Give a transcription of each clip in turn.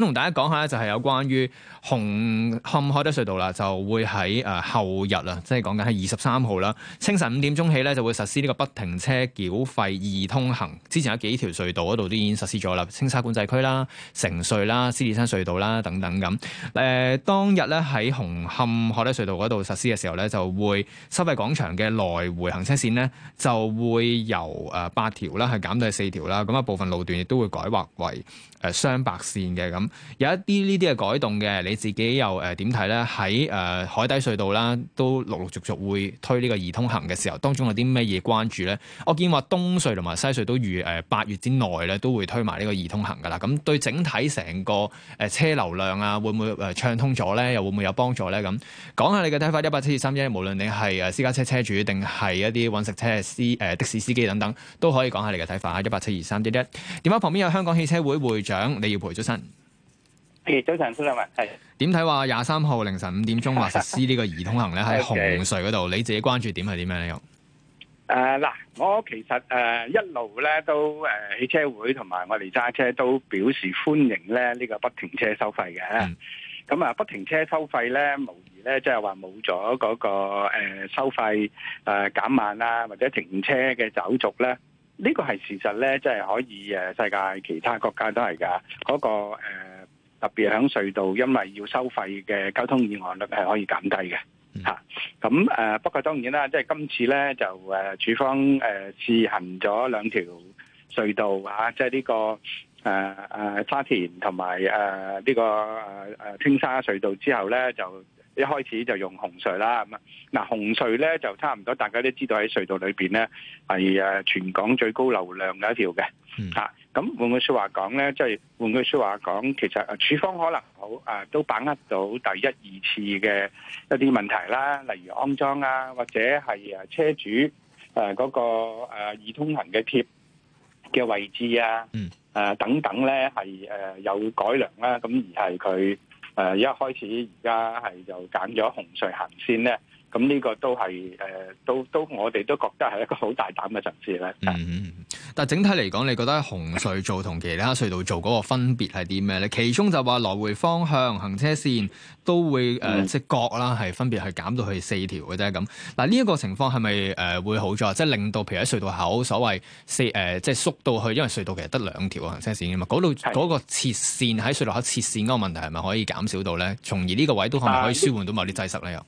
同大家講下咧，就係有關於紅磡海底隧道啦，就會喺誒後日啦，即係講緊係二十三號啦，清晨五點鐘起咧，就會實施呢個不停車繳費易通行。之前有幾條隧道嗰度都已經實施咗啦，青沙管制區啦、城隧啦、獅子山隧道啦等等咁。誒、呃，當日咧喺紅磡海底隧道嗰度實施嘅時候咧，就會收費廣場嘅來回行車線呢，就會由誒八條啦，係減到係四條啦。咁啊，部分路段亦都會改劃為誒雙白線嘅咁。有一啲呢啲嘅改動嘅，你自己又誒點睇咧？喺、呃、誒、呃、海底隧道啦，都陸陸續續會推呢個易通行嘅時候，當中有啲咩嘢關注咧？我見話東隧同埋西隧都預誒、呃、八月之內咧都會推埋呢個易通行噶啦。咁對整體成個誒車流量啊，會唔會誒暢通咗咧？又會唔會有幫助咧？咁講下你嘅睇法，一八七二三一。無論你係私家車車主，定係一啲揾食車司誒的士司機等等，都可以講下你嘅睇法。一八七二三一。電話旁邊有香港汽車會會長李耀培先生。你要陪早晨，蘇生文係點睇話廿三號凌晨五點鐘話 實施呢個易通行咧喺紅隧嗰度？ 你自己關注點係點樣？誒嗱，我其實誒、uh, 一路咧都誒汽車會同埋我哋揸車都表示歡迎咧呢、這個不停車收費嘅。咁啊、mm. 不停車收費咧，無疑咧即係話冇咗嗰個誒、呃、收費誒、呃、減慢啦，或者停車嘅走續咧，呢、這個係事實咧，即、就、係、是、可以誒世界其他國家都係噶嗰個誒。呃特別喺隧道，因為要收費嘅交通意外率係可以減低嘅嚇。咁誒、嗯啊啊、不過當然啦，即、就、係、是、今次咧就誒、啊、處方誒、啊、試行咗兩條隧道嚇，即係呢個誒誒、啊啊啊這個啊啊、沙田同埋誒呢個誒誒青沙隧道之後咧就。一開始就用紅隧啦咁啊，嗱紅隧咧就差唔多，大家都知道喺隧道裏邊咧係誒全港最高流量嘅一條嘅嚇。咁、mm. 換句説話講咧，即係換句説話講，其實處方可能好誒，都把握到第一二次嘅一啲問題啦，例如安裝啊，或者係誒車主誒嗰個誒易通行嘅貼嘅位置啊，誒等等咧係誒有改良啦，咁而係佢。誒、啊、一開始而家係就揀咗紅隧行先咧，咁呢個都係誒、呃，都都我哋都覺得係一個好大膽嘅陣節咧。嗯。但整體嚟講，你覺得紅隧做同其他隧道做嗰個分別係啲咩咧？其中就話來回方向行車線都會誒即角啦，係、嗯呃、分別係減到去四條嘅啫咁。嗱呢一個情況係咪誒會好咗？即係令到譬如喺隧道口所謂四誒，即係縮到去，因為隧道其實得兩條行車線㗎嘛。嗰度嗰個切線喺隧道口切線嗰個問題係咪可以減少到咧？從而呢個位都係咪可以舒緩到某啲擠塞咧？又、嗯、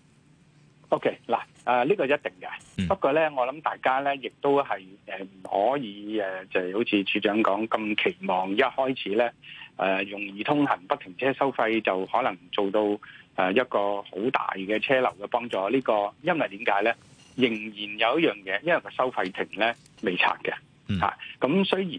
OK 嗱。啊！呢、這個一定嘅，不過呢，我諗大家呢亦都係誒唔可以誒、呃，就好似處長講咁期望一開始呢誒、呃、容易通行不停車收費就可能做到誒、呃、一個好大嘅車流嘅幫助。呢、這個因為點解呢？仍然有一樣嘢，因為個收費亭呢未拆嘅。咁、嗯啊、雖然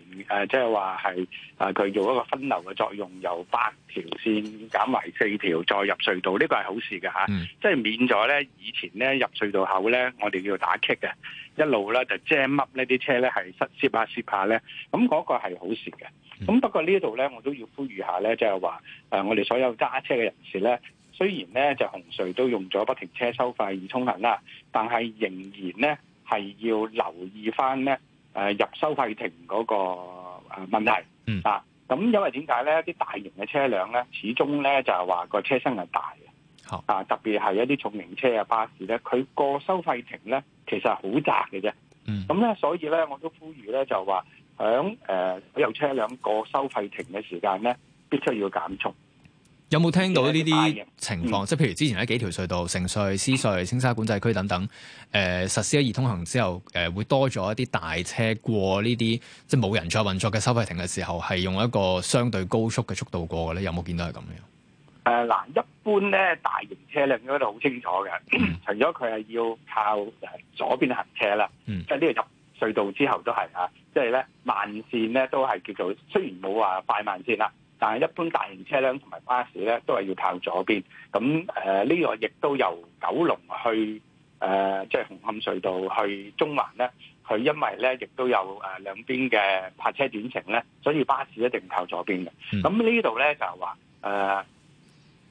誒，即係話係啊，佢、就、做、是啊、一個分流嘅作用，由八條線減為四條，再入隧道，呢、這個係好事嘅吓，即、啊、係、嗯啊就是、免咗咧以前咧入隧道口咧，我哋要打棘嘅，一路咧就 jam 乜呢啲車咧係塞下塞下咧，咁、啊、嗰、那個係好事嘅。咁、嗯、不過呢度咧，我都要呼籲下咧，就係話誒，我哋所有揸車嘅人士咧，雖然咧就紅隧都用咗不停車收費而通行啦，但係仍然咧係要留意翻咧。誒入收費亭嗰個誒問題啊，咁、嗯、因為點解咧？啲大型嘅車輛咧，始終咧就係話個車身係大嘅，啊好特別係一啲重型車啊、巴士咧，佢過收費亭咧，其實係好窄嘅啫。咁咧、嗯，所以咧，我都呼籲咧，就係話響誒所有車輛過收費亭嘅時間咧，必須要減速。有冇聽到呢啲情況？嗯、即係譬如之前喺幾條隧道、城隧、獅隧、青沙管制區等等，誒、呃、實施易通行之後，誒、呃、會多咗一啲大車過呢啲即係冇人再運作嘅收費亭嘅時候，係用一個相對高速嘅速度過嘅咧？有冇見到係咁樣？誒嗱、啊，一般咧大型車輛應該都好清楚嘅，嗯、除咗佢係要靠左邊行車啦，即係呢個入隧道之後都係啊，即係咧慢線咧都係叫做雖然冇話快慢線啦。但係一般大型車輛同埋巴士咧都係要靠左邊。咁誒呢個亦都由九龍去誒，即、呃、係、就是、紅磡隧道去中環咧。佢因為咧亦都有誒、呃、兩邊嘅泊車短程咧，所以巴士一定靠左邊嘅。咁呢度咧就話誒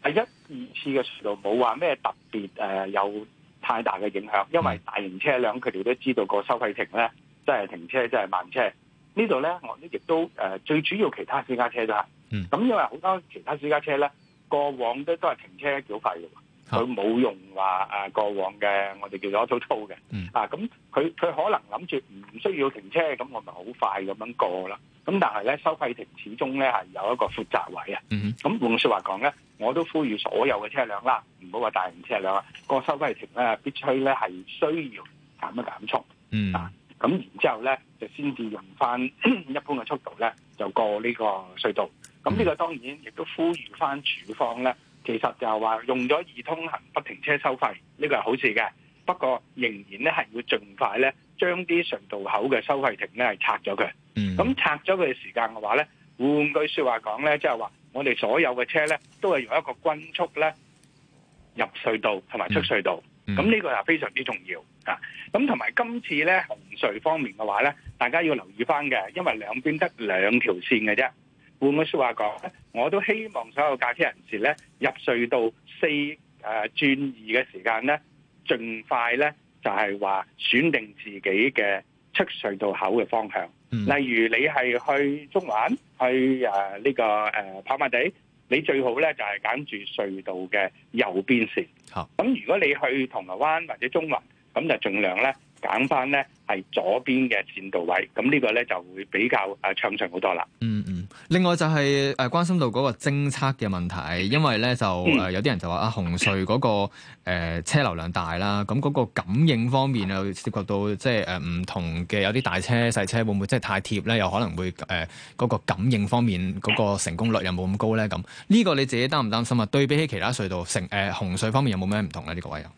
係一二次嘅隧道冇話咩特別誒、呃、有太大嘅影響，因為大型車輛佢哋都知道那個收費亭咧，即係停車即係慢車。這裡呢度咧我呢亦都誒、呃、最主要其他私家車都係。咁、嗯、因為好多其他私家車咧，過往都係停車繳費嘅，佢冇、哦、用話誒過往嘅我哋叫做 Autotoll 嘅，嗯、啊咁佢佢可能諗住唔需要停車，咁我咪好快咁樣過啦。咁但係咧收費亭始終咧係有一個複雜位、嗯、啊。咁用説話講咧，我都呼籲所有嘅車輛啦，唔好話大型車輛啦，個收費亭咧必須咧係需要減一減速啊。咁然之後咧就先至用翻 一般嘅速度咧就過呢個隧道。咁呢個當然亦都呼籲翻處方咧，其實就係話用咗易通行不停車收費，呢、這個係好事嘅。不過仍然咧係要盡快咧將啲隧道口嘅收費亭咧係拆咗佢。咁、嗯、拆咗佢嘅時間嘅話咧，換句話說話講咧，即係話我哋所有嘅車咧都係用一個均速咧入隧道同埋出隧道。咁呢、嗯、個係非常之重要嚇。咁同埋今次咧紅隧方面嘅話咧，大家要留意翻嘅，因為兩邊得兩條線嘅啫。換句説話講，我都希望所有駕車人士咧入隧道四誒、呃、轉二嘅時間咧，儘快咧就係、是、話選定自己嘅出隧道口嘅方向。例如你係去中環、去誒呢、呃呢個誒跑、呃、馬地，你最好咧就係、是、揀住隧道嘅右邊線。咁、嗯、如果你去銅鑼灣或者中環，咁就儘量咧。揀翻咧係左邊嘅線道位，咁呢個咧就會比較誒暢順好多啦。嗯嗯，另外就係誒關心到嗰個偵測嘅問題，因為咧就誒、嗯呃、有啲人就話啊紅隧嗰、那個誒、呃、車流量大啦，咁嗰個感應方面又涉及到即係誒唔同嘅有啲大車細車會唔會即係太貼咧，又可能會誒嗰、呃那個感應方面嗰個成功率又冇咁高咧咁。呢個你自己擔唔擔心啊？對比起其他隧道成誒、呃、紅隧方面有冇咩唔同咧？呢、這個位啊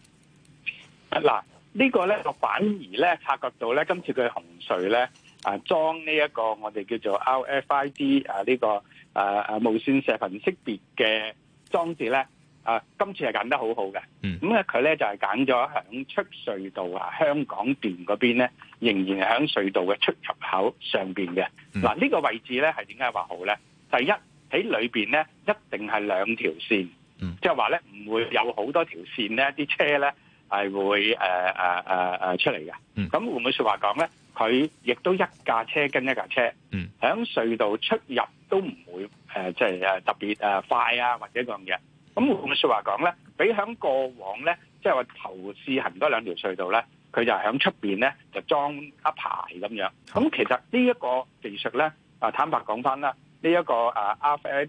嗱。這個呢個咧，我反而咧察覺到咧，今次佢紅隧咧啊裝呢一個我哋叫做 RFID 啊呢、這個啊啊無線射頻識別嘅裝置咧啊，今次係揀得好好嘅。嗯，咁咧佢咧就係揀咗響出隧道啊香港段嗰邊咧，仍然係響隧道嘅出入口上面嘅。嗱呢、嗯、個位置咧係點解話好咧？第一喺裏面咧一定係兩條線，嗯、即係話咧唔會有好多條線咧啲車咧。係會誒誒、呃呃呃、出嚟嘅，咁換句説話講咧？佢亦都一架車跟一架車，喺、嗯、隧道出入都唔會誒，即、呃、係、就是、特別、呃、快啊，或者嗰樣嘢。咁換句説話講咧？比喺過往咧，即係話頭市行多兩條隧道咧，佢就係響出面咧就裝一排咁樣。咁、嗯、其實呢一個技術咧、這個，啊坦白講翻啦，呢、啊、一、這個啊 RFID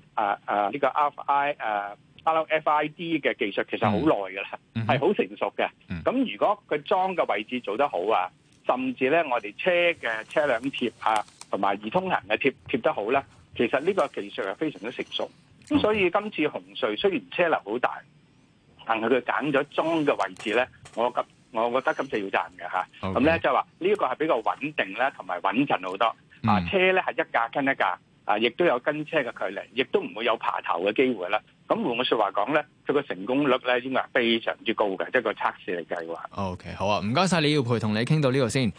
呢個、啊啊 Hello FID 嘅技術其實好耐噶啦，係好、mm hmm. 成熟嘅。咁、mm hmm. 如果佢裝嘅位置做得好啊，甚至咧我哋車嘅車輛貼啊，同埋易通行嘅貼貼得好咧，其實呢個技術係非常之成熟的。咁、mm hmm. 所以今次紅隧雖然車流好大，但係佢揀咗裝嘅位置咧，我覺我覺得今次要讚嘅吓，咁咧 Okay. 就係話呢一個係比較穩定咧，同埋穩陣好多、mm hmm.。啊，車咧係一架跟一架啊，亦都有跟車嘅距離，亦都唔會有爬頭嘅機會啦。咁換個說話講呢，佢個成功率咧應該係非常之高嘅，即係個測試嚟計劃。OK，好啊，唔該晒。李耀培，同你傾到呢度先。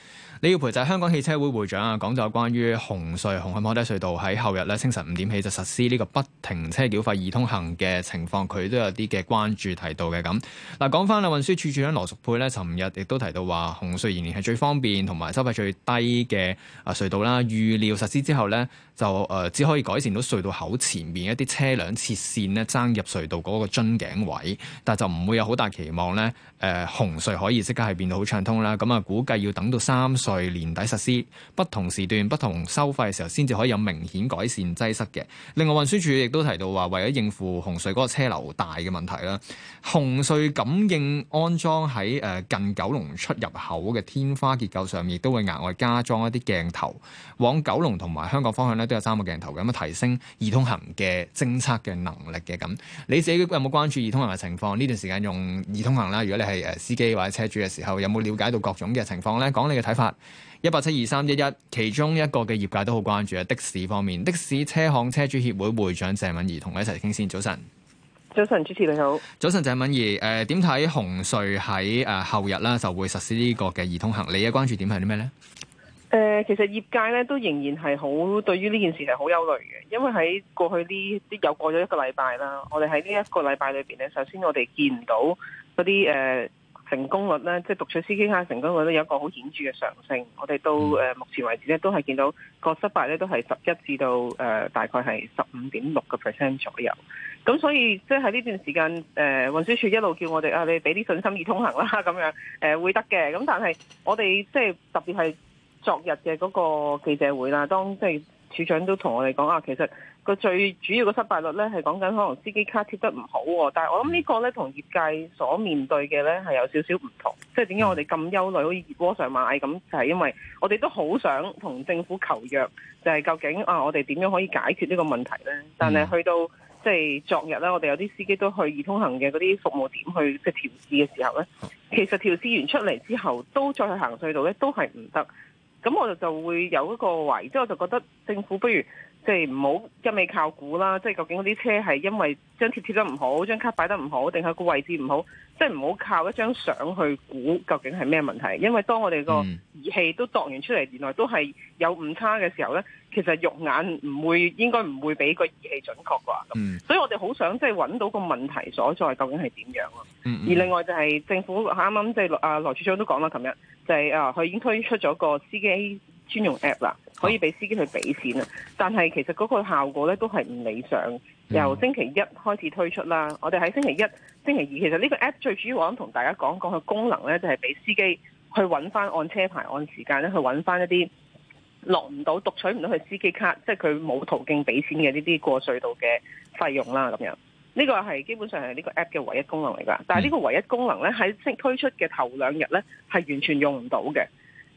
李耀培就係香港汽車會會長啊，講咗關於紅隧、紅磡海底隧道喺後日咧清晨五點起就實施呢個不停車繳費易通行嘅情況，佢都有啲嘅關注提到嘅咁。嗱，講翻啦，運輸處處長羅淑佩咧，尋日亦都提到話紅隧仍然係最方便同埋收費最低嘅啊隧道啦。預料實施之後咧，就誒只可以改善到隧道口前面一啲車輛切線咧，爭入隧道嗰個頸位，但就唔會有好大期望咧。誒、呃，紅隧可以即刻係變到好暢通啦。咁啊，估計要等到三隧年底實施，不同時段、不同收費嘅時候，先至可以有明顯改善擠塞嘅。另外運輸署亦都提到話，為咗應付紅隧嗰個車流大嘅問題啦，紅隧感應安裝喺誒近九龍出入口嘅天花結構上面，亦都會額外加裝一啲鏡頭，往九龍同埋香港方向咧都有三個鏡頭，咁樣提升易通行嘅偵測嘅能力嘅。咁你自己有冇關？關注易通行嘅情況，呢段時間用易通行啦。如果你係誒司機或者車主嘅時候，有冇了解到各種嘅情況呢？講你嘅睇法。一八七二三一一，其中一個嘅業界都好關注啊。的士方面，的士車行車主協會會長鄭敏怡同我一齊傾先。早晨，早晨，主持你好，早晨，鄭敏怡。誒、呃，點睇紅隧喺誒後日啦就會實施呢個嘅易通行？你嘅關注點係啲咩呢？誒，其實業界咧都仍然係好對於呢件事係好憂慮嘅，因為喺過去呢啲有過咗一個禮拜啦，我哋喺呢一個禮拜裏邊咧，首先我哋見唔到嗰啲誒成功率咧，即係讀取 CK 卡成功率都有一個好顯著嘅上升，我哋到誒目前為止咧都係見到個失敗咧都係十一至到誒、呃、大概係十五點六個 percent 左右，咁所以即係喺呢段時間，誒運輸署一路叫我哋啊，你俾啲信心易通行啦咁樣，誒、呃、會得嘅，咁但係我哋即係特別係。昨日嘅嗰個記者會啦，當即係處長都同我哋講啊，其實個最主要嘅失敗率咧，係講緊可能司機卡貼得唔好喎。但係我諗呢個咧，同業界所面對嘅咧係有少少唔同。即係點解我哋咁憂慮，好似熱鍋上螞蟻咁？就係因為我哋都好想同政府求藥，就係究竟啊，我哋點樣可以解決呢個問題咧？但係去到即係昨日啦，我哋有啲司機都去易通行嘅嗰啲服務點去嘅調試嘅時候咧，其實調試完出嚟之後，都再去行隧道咧，都係唔得。咁我就就會有一個圍，之後，我就覺得政府不如。即係唔好一味靠估啦！即係究竟嗰啲車係因為張貼貼得唔好、張卡擺得唔好，定係個位置唔好？即係唔好靠一張相去估究竟係咩問題？因為當我哋個儀器都度完出嚟，原來都係有誤差嘅時候咧，其實肉眼唔會應該唔會俾個儀器準確啩？咁、嗯嗯嗯、所以我哋好想即係揾到個問題所在，究竟係點樣咯？而另外就係政府啱啱即係啊羅處長都講啦，琴日就係啊佢已經推出咗個司機專用 app 啦，可以俾司機去俾錢啊！但係其實嗰個效果咧都係唔理想。由星期一開始推出啦，我哋喺星期一、星期二，其實呢個 app 最主要我諗同大家講講嘅功能咧，就係、是、俾司機去揾翻按車牌、按時間咧去揾翻一啲落唔到、讀取唔到佢司機卡，即係佢冇途徑俾錢嘅呢啲過隧道嘅費用啦。咁樣呢、這個係基本上係呢個 app 嘅唯一功能嚟噶。但係呢個唯一功能咧喺先推出嘅頭兩日咧係完全用唔到嘅。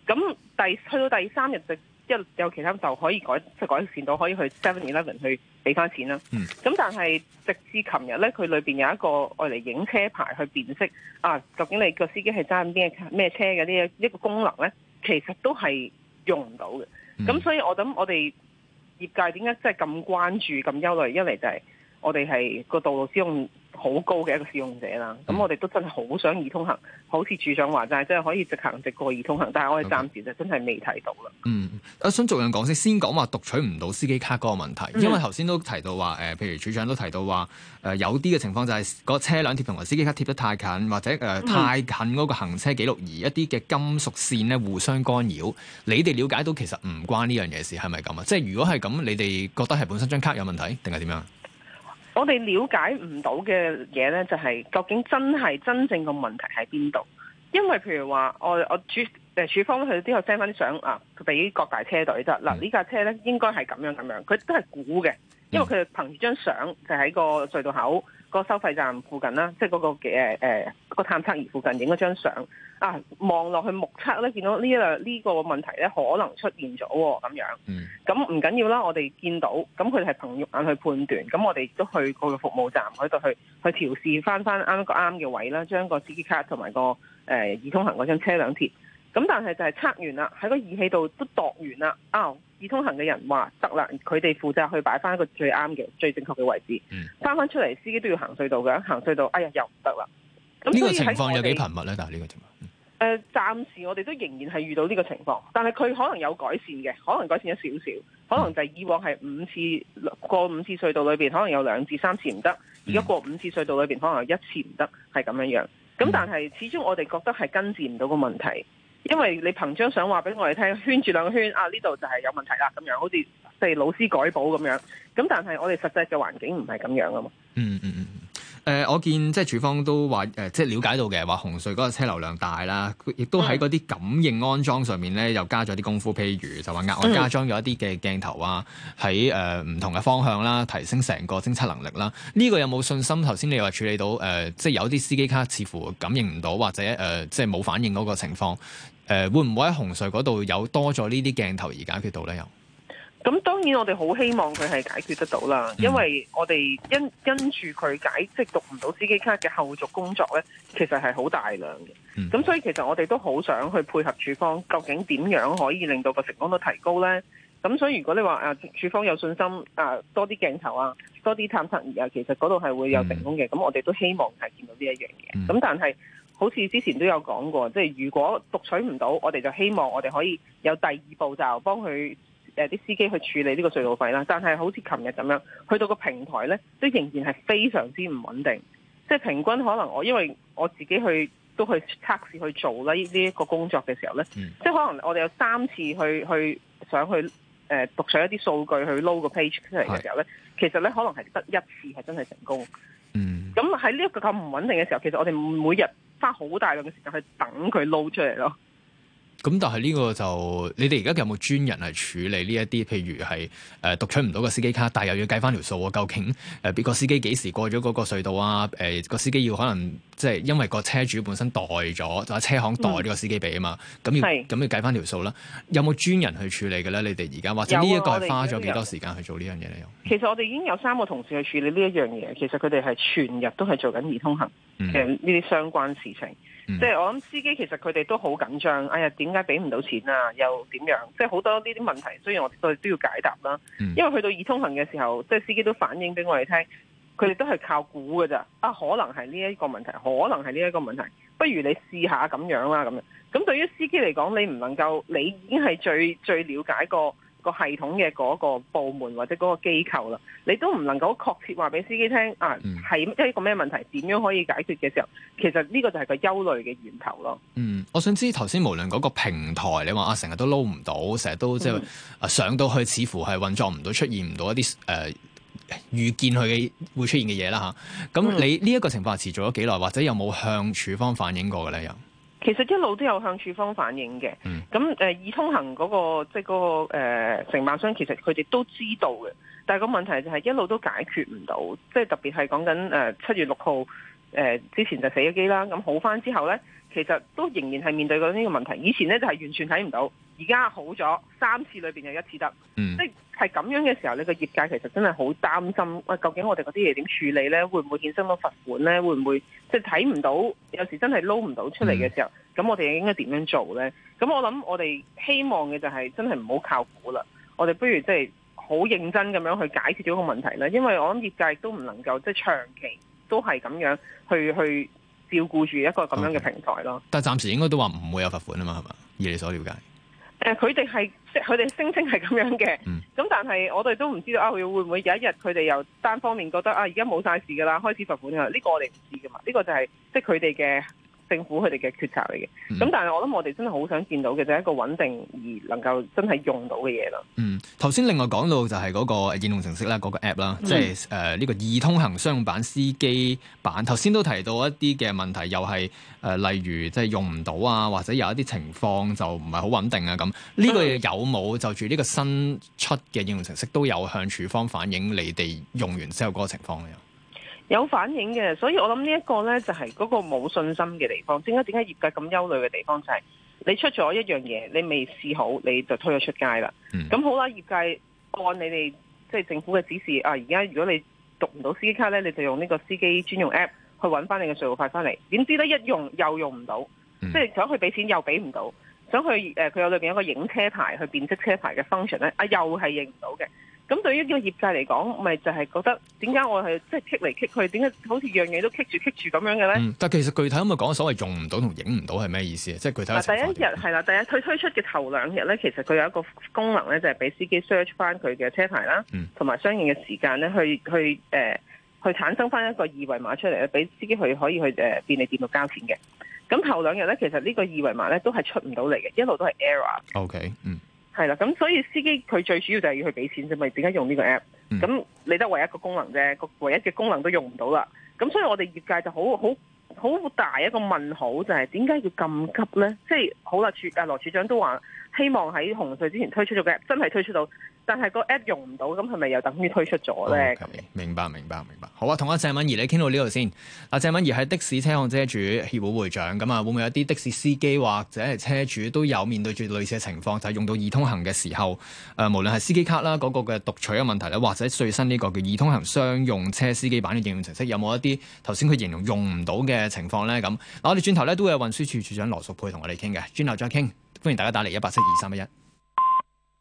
咁第去到第三日就一有其他就可以改就改善到可以去 Seven Eleven 去俾翻錢啦。咁、嗯、但係直至琴日呢佢裏面有一個用嚟影車牌去辨識啊，究竟你個司機係揸緊咩車嘅呢一個個功能呢，其實都係用唔到嘅。咁、嗯、所以我諗我哋業界點解真係咁關注咁憂慮，一嚟就係、是。我哋係個道路使用好高嘅一個使用者啦。咁我哋都真係好想易通行，好似署長話齋，真係可以直行直過易通行。但係我哋暫時真係未睇到啦。Okay. 嗯，我想做樣講先。先講話讀取唔到司機卡嗰個問題，因為頭先都提到話誒、呃，譬如署長都提到話誒、呃，有啲嘅情況就係個車輛貼同埋司機卡貼得太近，或者誒、呃、太近嗰個行車記錄儀一啲嘅金屬線呢，互相干擾。你哋了解到其實唔關呢樣嘢事係咪咁啊？即係如果係咁，你哋覺得係本身張卡有問題定係點樣？我哋了解唔到嘅嘢呢，就係究竟真係真正嘅問題喺邊度？因為譬如話，我我處誒處方佢之後 send 翻啲相啊俾各大車隊啫。嗱、嗯，呢架車呢，應該係咁樣咁樣，佢都係估嘅。因為佢哋憑住張相，就喺個隧道口個收費站附近啦，即係嗰個嘅誒、呃、探測儀附近影咗張相啊，望落去目測咧，見到呢一呢個問題咧，可能出現咗咁樣。咁唔緊要啦，我哋見到，咁佢哋係憑肉眼去判斷，咁我哋都去個服務站度去去調試翻翻啱一個啱嘅位啦，將個手機卡同埋個誒易通行嗰張車輛貼。咁但係就係測完啦，喺個儀器度都度完啦。啊、哦，易通行嘅人話得啦，佢哋負責去擺翻一個最啱嘅、最正確嘅位置，翻、嗯、翻出嚟，司機都要行隧道嘅，行隧道，哎呀又唔得啦。咁呢個情況有幾頻密呢？但係呢個情況，誒、嗯，呃、暫時我哋都仍然係遇到呢個情況，但係佢可能有改善嘅，可能改善咗少少，可能就係以往係五次過五次隧道裏邊可能有兩至三次唔得，而家過五次隧道裏邊可能有一次唔得，係咁樣樣。咁但係始終我哋覺得係根治唔到個問題。因為你憑張相話俾我哋聽，圈住兩個圈，啊呢度就係有問題啦，咁樣好似俾老師改補咁樣。咁但係我哋實際嘅環境唔係咁樣啊嘛。嗯嗯嗯。誒、嗯呃，我見即係署方都話誒，即係、呃、了解到嘅話，紅隧嗰個車流量大啦，亦都喺嗰啲感應安裝上面咧，又加咗啲功夫，譬如就話額外加裝咗一啲嘅鏡頭啊，喺誒唔同嘅方向啦，提升成個偵測能力啦。呢、這個有冇信心？頭先你話處理到誒、呃，即係有啲司機卡似乎感應唔到，或者誒、呃、即係冇反應嗰個情況。誒、呃、會唔會喺洪隧嗰度有多咗呢啲鏡頭而解決到呢？又咁當然，我哋好希望佢係解決得到啦，嗯、因為我哋因跟住佢解即讀唔到司機卡嘅後續工作呢，其實係好大量嘅。咁、嗯、所以其實我哋都好想去配合處方，究竟點樣可以令到個成功率提高呢？咁所以如果你話誒、啊、處方有信心誒、啊、多啲鏡頭啊，多啲探測儀啊，其實嗰度係會有成功嘅。咁、嗯、我哋都希望係見到呢一樣嘢。咁、嗯、但係。好似之前都有講過，即係如果讀取唔到，我哋就希望我哋可以有第二步驟幫佢啲、呃、司機去處理呢個隧道費啦。但係好似琴日咁樣，去到個平台呢，都仍然係非常之唔穩定。即係平均可能我因為我自己去都去測試去做呢一個工作嘅時候呢，嗯、即係可能我哋有三次去去想去誒、呃、讀取一啲數據去撈個 page 出嚟嘅時候呢，是其實呢可能係得一次係真係成功。咁喺呢一個咁唔穩定嘅時候，其實我哋每日花好大量嘅時間去等佢撈出嚟咯。咁但係呢個就你哋而家有冇專人去處理呢一啲？譬如係誒、呃、讀取唔到個司機卡，但係又要計翻條數，究竟誒俾個司機幾時過咗嗰個隧道啊？誒、呃、個司機要可能即係、就是、因為個車主本身代咗，就喺車行代呢個司機俾啊嘛，咁、嗯、要咁是要計翻條數啦。有冇專人去處理嘅咧？你哋而家或者呢一個係花咗幾多時間去做呢樣嘢咧？其實我哋已經有三個同事去處理呢一樣嘢，其實佢哋係全日都係做緊易通行嘅呢啲相關事情。即係、嗯、我諗司機其實佢哋都好緊張，哎呀點解俾唔到錢啊？又點樣？即係好多呢啲問題，雖然我哋都要解答啦。因為去到易通行嘅時候，即係司機都反映俾我哋聽，佢哋都係靠估㗎咋。啊，可能係呢一個問題，可能係呢一個問題。不如你試下咁樣啦，咁樣。咁對於司機嚟講，你唔能夠，你已經係最最瞭解過。個系統嘅嗰個部門或者嗰個機構啦，你都唔能夠確切話俾司機聽啊，係一個咩問題，點樣可以解決嘅時候，其實呢個就係個憂慮嘅源頭咯。嗯，我想知頭先無論嗰個平台，你話啊成日都撈唔到，成日都即係啊上到去似乎係運作唔到，出現唔到一啲誒預見佢嘅會出現嘅嘢啦吓。咁你呢一個情況持續咗幾耐，或者有冇向處方反映過嘅咧又？其實一路都有向處方反映嘅，咁誒，易、呃、通行嗰、嗰個即係、嗰、嗰個誒、呃、承辦商，其實佢哋都知道嘅，但係個問題就係一路都解決唔到，即係特別係講緊誒七月六號誒之前就死咗機啦，咁好返之後呢，其實都仍然係面對嗰呢個問題，以前呢，就係完全睇唔到。而家好咗三次，裏邊有一次得，嗯、即係咁樣嘅時候，呢個業界其實真係好擔心。喂，究竟我哋嗰啲嘢點處理呢？會唔會衍生到罰款呢？會唔會即係睇唔到？有時真係撈唔到出嚟嘅時候，咁、嗯、我哋應該點樣做呢？咁我諗、就是，我哋希望嘅就係真係唔好靠估啦。我哋不如即係好認真咁樣去解決呢個問題啦。因為我諗業界都唔能夠即係長期都係咁樣去去照顧住一個咁樣嘅平台咯。Okay. 但係暫時應該都話唔會有罰款啊嘛？係嘛？以你所了解。誒佢哋係，佢哋聲稱係咁樣嘅，咁、嗯、但係我哋都唔知道啊，佢會唔會有一日佢哋又單方面覺得啊，而家冇晒事㗎啦，開始罰款啦？呢、呢個我哋唔知㗎嘛，呢、呢個就係即係佢哋嘅。就係政府佢哋嘅決策嚟嘅，咁但係我諗我哋真係好想見到嘅就係一個穩定而能夠真係用到嘅嘢咯。嗯，頭先另外講到就係嗰個應用程式啦、嗯，嗰個 app 啦，即係誒呢個易通行商用版、司機版。頭先都提到一啲嘅問題是，又係誒例如即係用唔到啊，或者有一啲情況就唔係好穩定啊咁。呢個嘢有冇就住呢個新出嘅應用程式都有向處方反映你哋用完之後嗰個情況咧？有反應嘅，所以我諗呢一個呢就係嗰個冇信心嘅地方。點解點解業界咁憂慮嘅地方就係你出咗一樣嘢，你未試好，你就推咗出街啦。咁、嗯、好啦，業界按你哋即係政府嘅指示啊，而家如果你讀唔到司機卡呢，你就用呢個司機專用 App 去揾翻你嘅稅號發翻嚟。點知呢，一用又用唔到，即係想去俾錢又畀唔到，想去佢有裏邊有個影車牌去辨識車牌嘅 function 呢、啊，啊又係認唔到嘅。咁對於呢個業界嚟講，咪就係、是、覺得點解我係即係棘嚟棘去，點解好似樣嘢都棘住棘住咁樣嘅咧、嗯？但其實具體咁嘅講，所謂用唔到同影唔到係咩意思？即係具體，第一日係啦，第一佢推出嘅頭兩日咧，其實佢有一個功能咧，就係俾司機 search 翻佢嘅車牌啦，同埋、嗯、相應嘅時間咧，去去、呃、去產生翻一個二維碼出嚟俾司機佢可以去誒便利店度交錢嘅。咁頭兩日咧，其實呢個二維碼咧都係出唔到嚟嘅，一路都係 error。O、okay, K，嗯。係啦，咁所以司機佢最主要就係要去俾錢啫，咪點解用呢個 app？咁、嗯、你得唯一一個功能啫，唯一嘅功能都用唔到啦。咁所以我哋業界就好好好大一個問號、就是，就係點解要咁急呢？即、就、係、是、好啦，處啊羅處長都話希望喺紅隧之前推出咗嘅，真係推出到。但係個 app 用唔到，咁係咪又等於推出咗呢？Okay，明白，明白，明白。好啊，同阿鄭敏怡你傾到呢度先。阿鄭敏怡係的士車行車主協會會長，咁啊，會唔會有啲的士司機或者係車主都有面對住類似嘅情況？就係、是、用到易通行嘅時候，誒、呃，無論係司機卡啦，嗰、那個嘅讀取嘅問題咧，或者最新呢個叫易通行商用車司機版嘅應用程式，有冇一啲頭先佢形容用唔到嘅情況呢？咁嗱，我哋轉頭呢，都會有運輸署署長羅淑佩同我哋傾嘅，轉頭再傾。歡迎大家打嚟一八七二三一一。